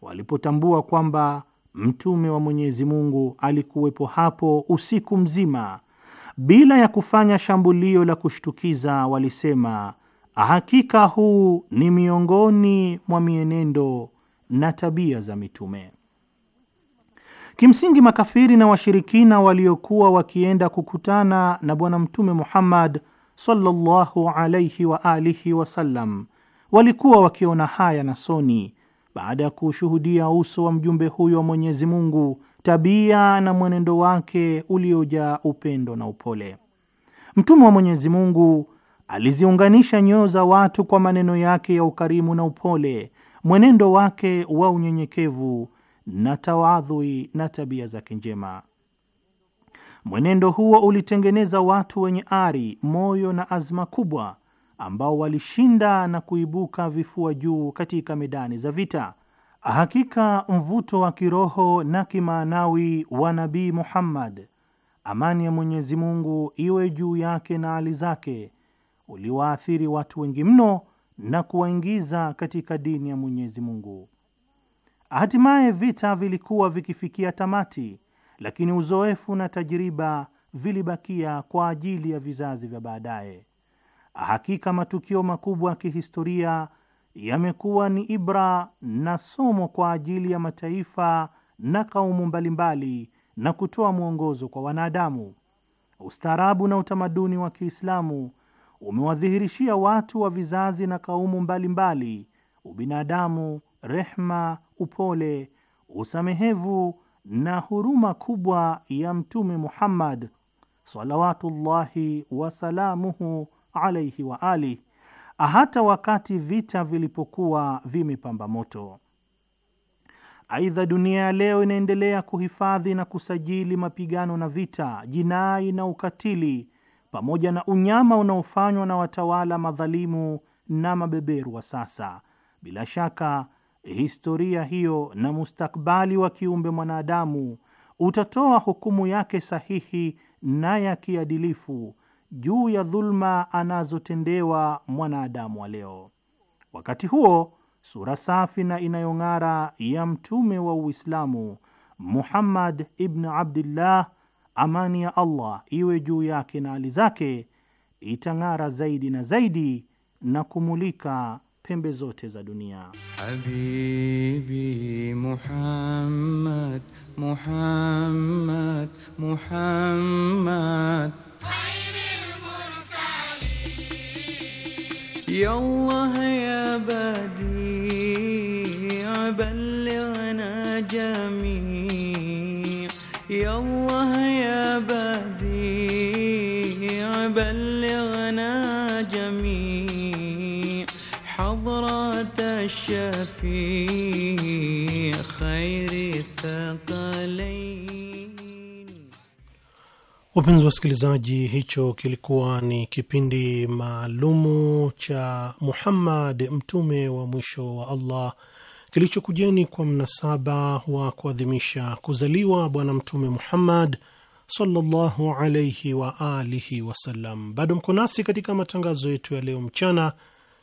Walipotambua kwamba Mtume wa Mwenyezi Mungu alikuwepo hapo usiku mzima bila ya kufanya shambulio la kushtukiza, walisema hakika huu ni miongoni mwa mienendo na tabia za mitume. Kimsingi makafiri na washirikina waliokuwa wakienda kukutana na Bwana Mtume Muhammad sallallahu alayhi wa alihi wasallam walikuwa wakiona haya na soni baada ya kuushuhudia uso wa mjumbe huyo wa Mwenyezi Mungu, tabia na mwenendo wake uliojaa upendo na upole. Mtume wa Mwenyezi Mungu aliziunganisha nyoyo za watu kwa maneno yake ya ukarimu na upole, mwenendo wake wa unyenyekevu na tawadhui na tabia zake njema. Mwenendo huo ulitengeneza watu wenye ari, moyo na azma kubwa, ambao walishinda na kuibuka vifua juu katika medani za vita. Hakika mvuto wa kiroho na kimaanawi wa Nabii Muhammad, amani ya Mwenyezi Mungu iwe juu yake na ali zake, uliwaathiri watu wengi mno na kuwaingiza katika dini ya Mwenyezi Mungu. Hatimaye vita vilikuwa vikifikia tamati, lakini uzoefu na tajiriba vilibakia kwa ajili ya vizazi vya baadaye. Hakika matukio makubwa ya kihistoria yamekuwa ni ibra na somo kwa ajili ya mataifa na kaumu mbalimbali na kutoa mwongozo kwa wanadamu. Ustaarabu na utamaduni wa Kiislamu umewadhihirishia watu wa vizazi na kaumu mbalimbali ubinadamu, rehma upole, usamehevu na huruma kubwa ya Mtume Muhammad salawatullahi wasalamuhu alaihi wa ali, hata wakati vita vilipokuwa vimepamba moto. Aidha, dunia ya leo inaendelea kuhifadhi na kusajili mapigano na vita, jinai na ukatili, pamoja na unyama unaofanywa na watawala madhalimu na mabeberu wa sasa. Bila shaka historia hiyo na mustakbali wa kiumbe mwanadamu utatoa hukumu yake sahihi na ya kiadilifu juu ya dhulma anazotendewa mwanadamu wa leo. Wakati huo sura safi na inayong'ara ya mtume wa Uislamu Muhammad ibn Abdillah, amani ya Allah iwe juu yake na ali zake, itang'ara zaidi na zaidi na kumulika pembe zote za dunia. Habibi Muhammad, Muhammad, Muhammad. يا الله يا بديع بلغنا جميع يا الله يا بديع Wapenzi wasikilizaji, hicho kilikuwa ni kipindi maalumu cha Muhammad mtume wa mwisho wa Allah kilichokujeni kwa mnasaba wa kuadhimisha kuzaliwa Bwana Mtume Muhammad sallallahu alaihi wa alihi wasallam. Bado mko nasi katika matangazo yetu ya leo mchana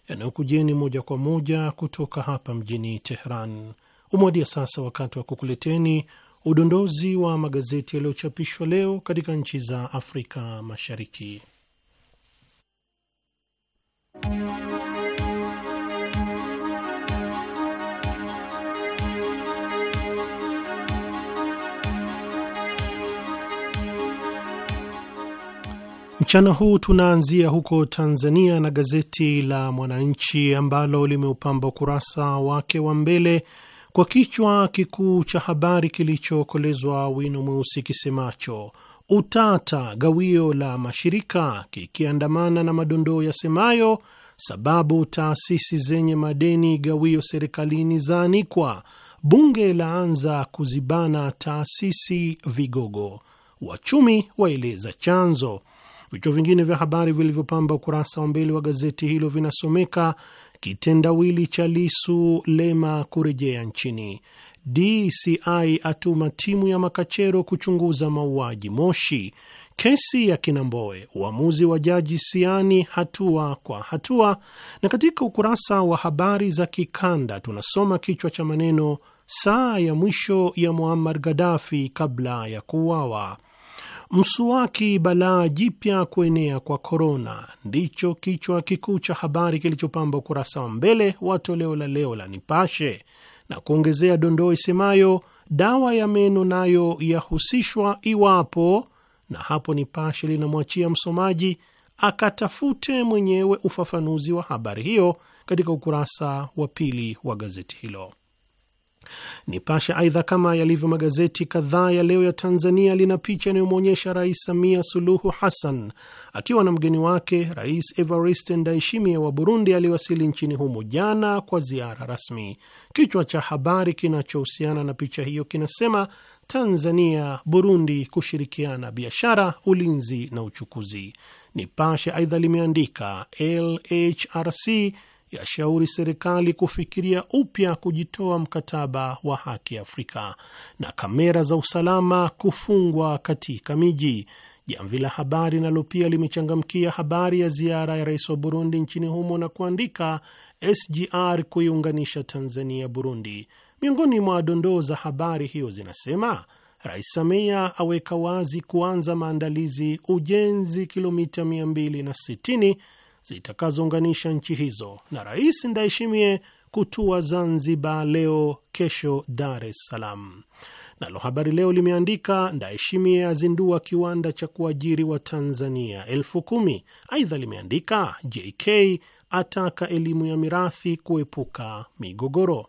yanayokujeni moja kwa moja kutoka hapa mjini Teheran. Umewadia sasa wakati wa kukuleteni udondozi wa magazeti yaliyochapishwa leo katika nchi za Afrika Mashariki. Mchana huu tunaanzia huko Tanzania na gazeti la Mwananchi ambalo limeupamba ukurasa wake wa mbele kwa kichwa kikuu cha habari kilichokolezwa wino mweusi kisemacho utata gawio la mashirika, kikiandamana na madondoo yasemayo sababu taasisi zenye madeni gawio serikalini zaanikwa, bunge laanza kuzibana taasisi vigogo, wachumi waeleza chanzo Vichwa vingine vya habari vilivyopamba ukurasa wa mbele wa gazeti hilo vinasomeka: kitendawili cha Lisu Lema kurejea nchini, DCI atuma timu ya makachero kuchunguza mauaji Moshi, kesi ya Kinamboe, uamuzi wa jaji Siani hatua kwa hatua. Na katika ukurasa wa habari za kikanda tunasoma kichwa cha maneno, saa ya mwisho ya Muammar Gaddafi kabla ya kuuawa. Mswaki, balaa jipya kuenea kwa korona, ndicho kichwa kikuu cha habari kilichopamba ukurasa wa mbele wa toleo la leo la Nipashe, na kuongezea dondoo isemayo dawa ya meno nayo yahusishwa iwapo, na hapo Nipashe linamwachia msomaji akatafute mwenyewe ufafanuzi wa habari hiyo katika ukurasa wa pili wa gazeti hilo. Nipashe aidha, kama yalivyo magazeti kadhaa ya leo ya Tanzania, lina picha inayomwonyesha Rais Samia Suluhu Hassan akiwa na mgeni wake Rais Evariste Ndayishimiye wa Burundi aliyewasili nchini humo jana kwa ziara rasmi. Kichwa cha habari kinachohusiana na picha hiyo kinasema Tanzania Burundi kushirikiana biashara, ulinzi na uchukuzi. Nipashe aidha limeandika LHRC yashauri serikali kufikiria upya kujitoa mkataba wa haki Afrika na kamera za usalama kufungwa katika miji. Jamvi la Habari nalo pia limechangamkia habari ya ziara ya rais wa Burundi nchini humo na kuandika SGR kuiunganisha Tanzania Burundi. Miongoni mwa dondoo za habari hiyo zinasema Rais Samia aweka wazi kuanza maandalizi ujenzi kilomita 260 zitakazounganisha nchi hizo na Rais Ndayishimiye kutua Zanzibar leo kesho Dar es Salaam. Nalo Habari Leo limeandika Ndayishimiye azindua kiwanda cha kuajiri wa Tanzania elfu kumi. Aidha limeandika JK ataka elimu ya mirathi kuepuka migogoro.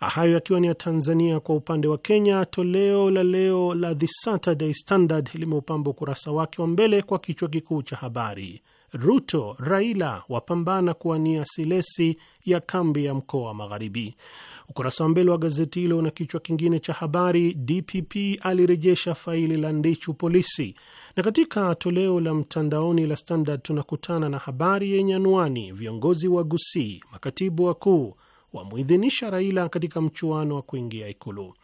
Hayo yakiwa ni ya Tanzania. Kwa upande wa Kenya, toleo la leo la The Saturday Standard limeupamba ukurasa wake wa mbele kwa kichwa kikuu cha habari, Ruto, Raila wapambana kuwania silesi ya kambi ya mkoa wa Magharibi. Ukurasa wa mbele wa gazeti hilo na kichwa kingine cha habari, DPP alirejesha faili la Ndichu polisi. Na katika toleo la mtandaoni la Standard tunakutana na habari yenye anwani, viongozi wa Gusii, makatibu wakuu wamwidhinisha Raila katika mchuano wa kuingia Ikulu.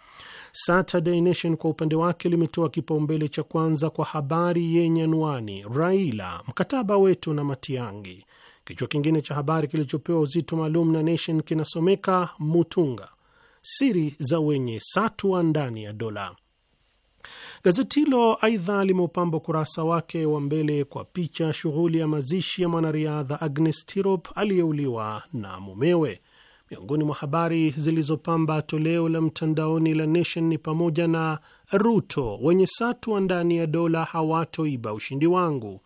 Saturday Nation kwa upande wake limetoa kipaumbele cha kwanza kwa habari yenye anwani Raila, mkataba wetu na Matiang'i. Kichwa kingine cha habari kilichopewa uzito maalum na Nation kinasomeka Mutunga, siri za wenye satwa ndani ya dola. Gazeti hilo aidha limeupamba ukurasa wake wa mbele kwa picha shughuli ya mazishi ya mwanariadha Agnes Tirop aliyeuliwa na mumewe. Miongoni mwa habari zilizopamba toleo la mtandaoni la Nation ni pamoja na Ruto, wenye satwa ndani ya dola hawatoiba ushindi wangu,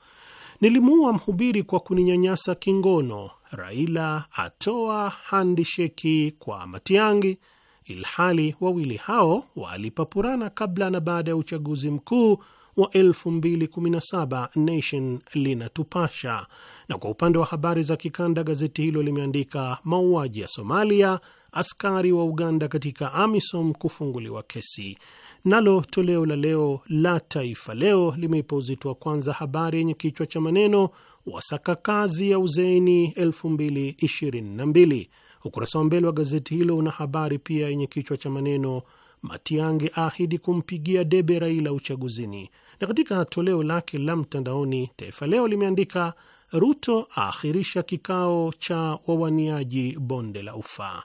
nilimuua mhubiri kwa kuninyanyasa kingono, Raila atoa handisheki kwa Matiangi, ilhali wawili hao walipapurana kabla na baada ya uchaguzi mkuu wa 2017 Nation linatupasha. Na kwa upande wa habari za kikanda, gazeti hilo limeandika mauaji ya Somalia, askari wa Uganda katika AMISOM kufunguliwa kesi. Nalo toleo la leo la Taifa Leo limeipa uzito wa kwanza habari yenye kichwa cha maneno wasaka kazi ya uzeeni 2022. Ukurasa wa mbele wa gazeti hilo una habari pia yenye kichwa cha maneno Matiang'i ahidi kumpigia debe Raila uchaguzini. Na katika toleo lake la mtandaoni, Taifa Leo limeandika Ruto aahirisha kikao cha wawaniaji bonde la Ufa.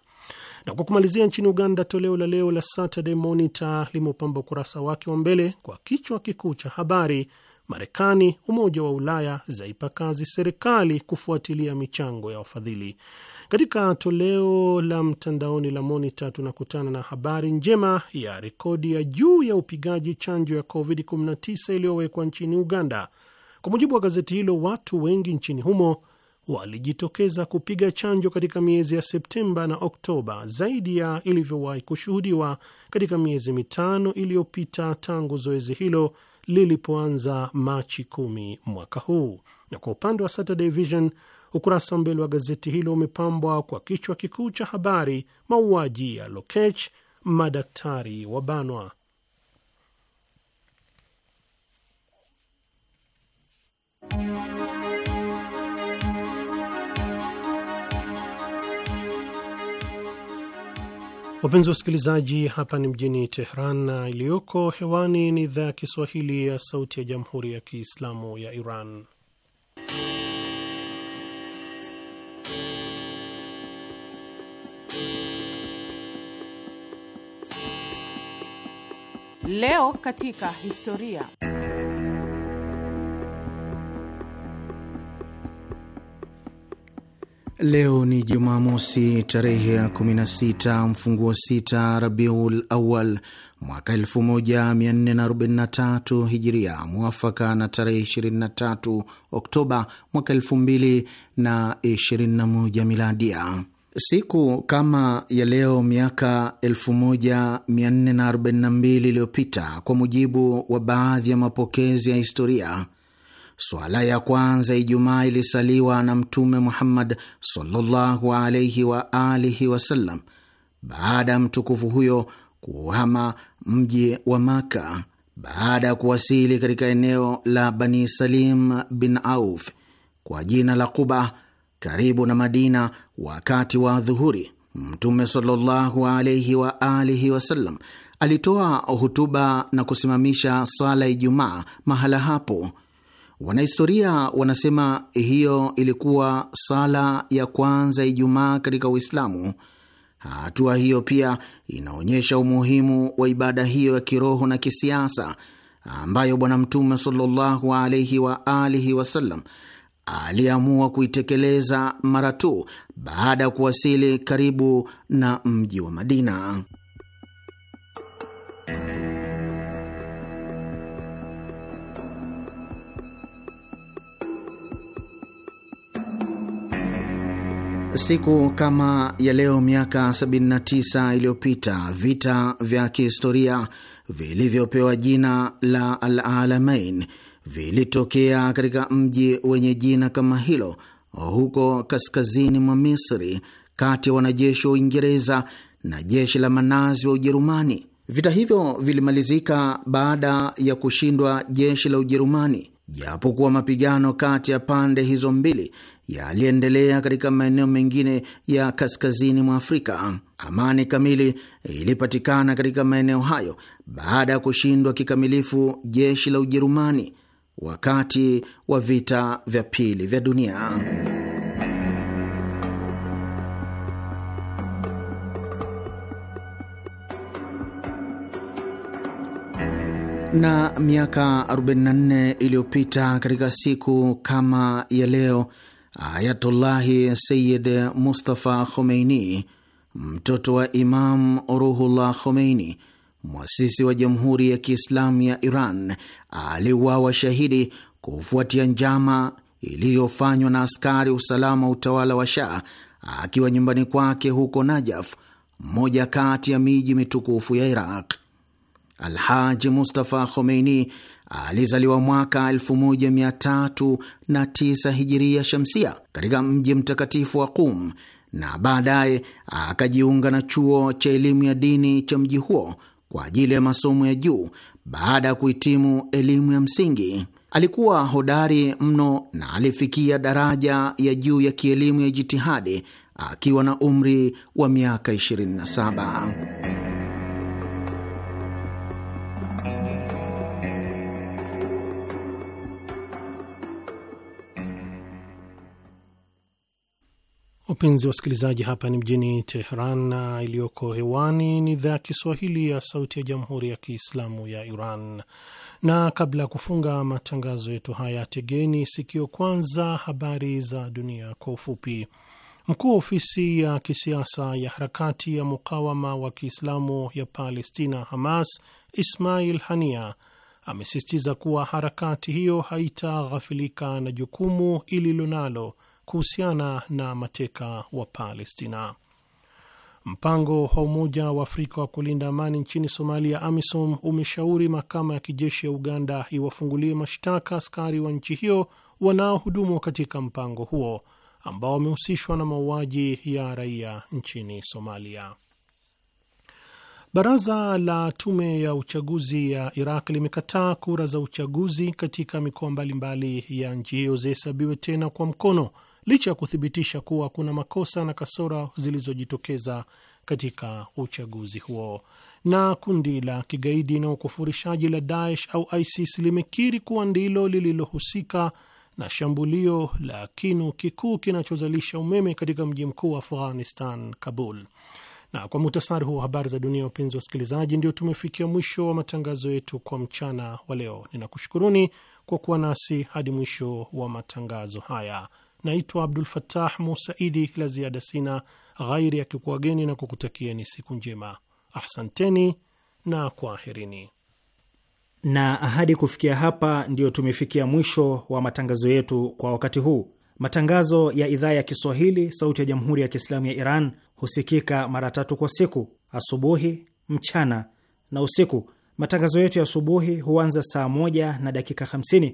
Na kwa kumalizia, nchini Uganda, toleo la leo la Saturday Monitor limeupamba ukurasa wake wa mbele kwa kichwa kikuu cha habari, Marekani Umoja wa Ulaya zaipa kazi serikali kufuatilia michango ya wafadhili. Katika toleo la mtandaoni la Monita tunakutana na habari njema ya rekodi ya juu ya upigaji chanjo ya COVID-19 iliyowekwa nchini Uganda. Kwa mujibu wa gazeti hilo, watu wengi nchini humo walijitokeza kupiga chanjo katika miezi ya Septemba na Oktoba, zaidi ya ilivyowahi kushuhudiwa katika miezi mitano iliyopita tangu zoezi hilo lilipoanza Machi 1 mwaka huu. Na kwa upande wa Saturday Vision Ukurasa wa mbele wa gazeti hilo umepambwa kwa kichwa kikuu cha habari, mauaji ya Lokech, madaktari wabanwa. Wapenzi wa wasikilizaji, hapa ni mjini Tehran na iliyoko hewani ni idhaa ya Kiswahili ya Sauti ya Jamhuri ya Kiislamu ya Iran. Leo katika historia. Leo ni Jumamosi tarehe ya 16 mfunguo sita Rabiul Awal mwaka 1443 Hijiria, mwafaka na tarehe 23 Oktoba mwaka 2021 Miladia. Siku kama ya leo miaka 1442 iliyopita, kwa mujibu wa baadhi ya mapokezi ya historia, swala ya kwanza Ijumaa ilisaliwa na Mtume Muhammad sallallahu alaihi wa alihi wasallam baada ya mtukufu huyo kuhama mji wa Maka baada ya kuwasili katika eneo la Bani Salim bin Auf kwa jina la Quba karibu na Madina wakati wa dhuhuri, Mtume sallallahu alaihi wa alihi wasallam alitoa hutuba na kusimamisha sala ya Ijumaa mahala hapo. Wanahistoria wanasema hiyo ilikuwa sala ya kwanza Ijumaa katika Uislamu. Hatua hiyo pia inaonyesha umuhimu wa ibada hiyo ya kiroho na kisiasa ambayo Bwana Mtume sallallahu alaihi wa alihi wasallam aliamua kuitekeleza mara tu baada ya kuwasili karibu na mji wa Madina. Siku kama ya leo miaka 79 iliyopita vita vya kihistoria vilivyopewa jina la Al Alamain vilitokea katika mji wenye jina kama hilo huko kaskazini mwa Misri kati ya wanajeshi wa Uingereza na jeshi la manazi wa Ujerumani. Vita hivyo vilimalizika baada ya kushindwa jeshi la Ujerumani, japokuwa mapigano kati ya pande hizo mbili yaliendelea katika maeneo mengine ya kaskazini mwa Afrika. Amani kamili ilipatikana katika maeneo hayo baada ya kushindwa kikamilifu jeshi la Ujerumani wakati wa vita vya pili vya dunia. Na miaka 44 iliyopita katika siku kama ya leo, Ayatullahi Sayid Mustafa Khomeini, mtoto wa Imam Ruhullah Khomeini mwasisi wa Jamhuri ya Kiislamu ya Iran, aliuawa shahidi kufuatia njama iliyofanywa na askari usalama utawala wa Shah akiwa nyumbani kwake huko Najaf, mmoja kati ya miji mitukufu ya Iraq. Alhaji Mustafa Khomeini alizaliwa mwaka 1309 hijiria shamsia katika mji mtakatifu wa Qum na baadaye akajiunga na chuo cha elimu ya dini cha mji huo kwa ajili ya masomo ya juu baada ya kuhitimu elimu ya msingi. Alikuwa hodari mno na alifikia daraja ya juu ya kielimu ya jitihadi akiwa na umri wa miaka 27. Wapenzi wasikilizaji, hapa ni mjini Teheran na iliyoko hewani ni idhaa ya Kiswahili ya Sauti ya Jamhuri ya Kiislamu ya Iran. Na kabla ya kufunga matangazo yetu haya, tegeni sikio kwanza habari za dunia kwa ufupi. Mkuu wa ofisi ya kisiasa ya harakati ya mukawama wa Kiislamu ya Palestina, Hamas, Ismail Hania amesisitiza kuwa harakati hiyo haitaghafilika na jukumu ililo nalo kuhusiana na mateka wa Palestina. Mpango wa Umoja wa Afrika wa kulinda amani nchini Somalia, AMISOM, umeshauri mahakama ya kijeshi ya Uganda iwafungulie mashtaka askari wa nchi hiyo wanaohudumu katika mpango huo ambao wamehusishwa na mauaji ya raia nchini Somalia. Baraza la tume ya uchaguzi ya Iraq limekataa kura za uchaguzi katika mikoa mbalimbali ya nchi hiyo zihesabiwe tena kwa mkono licha ya kuthibitisha kuwa kuna makosa na kasoro zilizojitokeza katika uchaguzi huo. Na kundi la kigaidi na ukufurishaji la Daesh au ISIS limekiri kuwa ndilo lililohusika na shambulio la kinu kikuu kinachozalisha umeme katika mji mkuu wa Afghanistan, Kabul. Na kwa muhtasari huu wa habari za dunia, wapenzi wa wasikilizaji, ndio tumefikia mwisho wa matangazo yetu kwa mchana wa leo. Ninakushukuruni kwa kuwa nasi hadi mwisho wa matangazo haya. Naitwa Abdul Fattah Musaidi. La ziada sina ghairi akikuwageni na kukutakieni siku njema. Ahsanteni na kwaherini. Na ahadi kufikia hapa, ndiyo tumefikia mwisho wa matangazo yetu kwa wakati huu. Matangazo ya idhaa ya Kiswahili sauti ya jamhuri ya Kiislamu ya Iran husikika mara tatu kwa siku: asubuhi, mchana na usiku. Matangazo yetu ya asubuhi huanza saa moja na dakika 50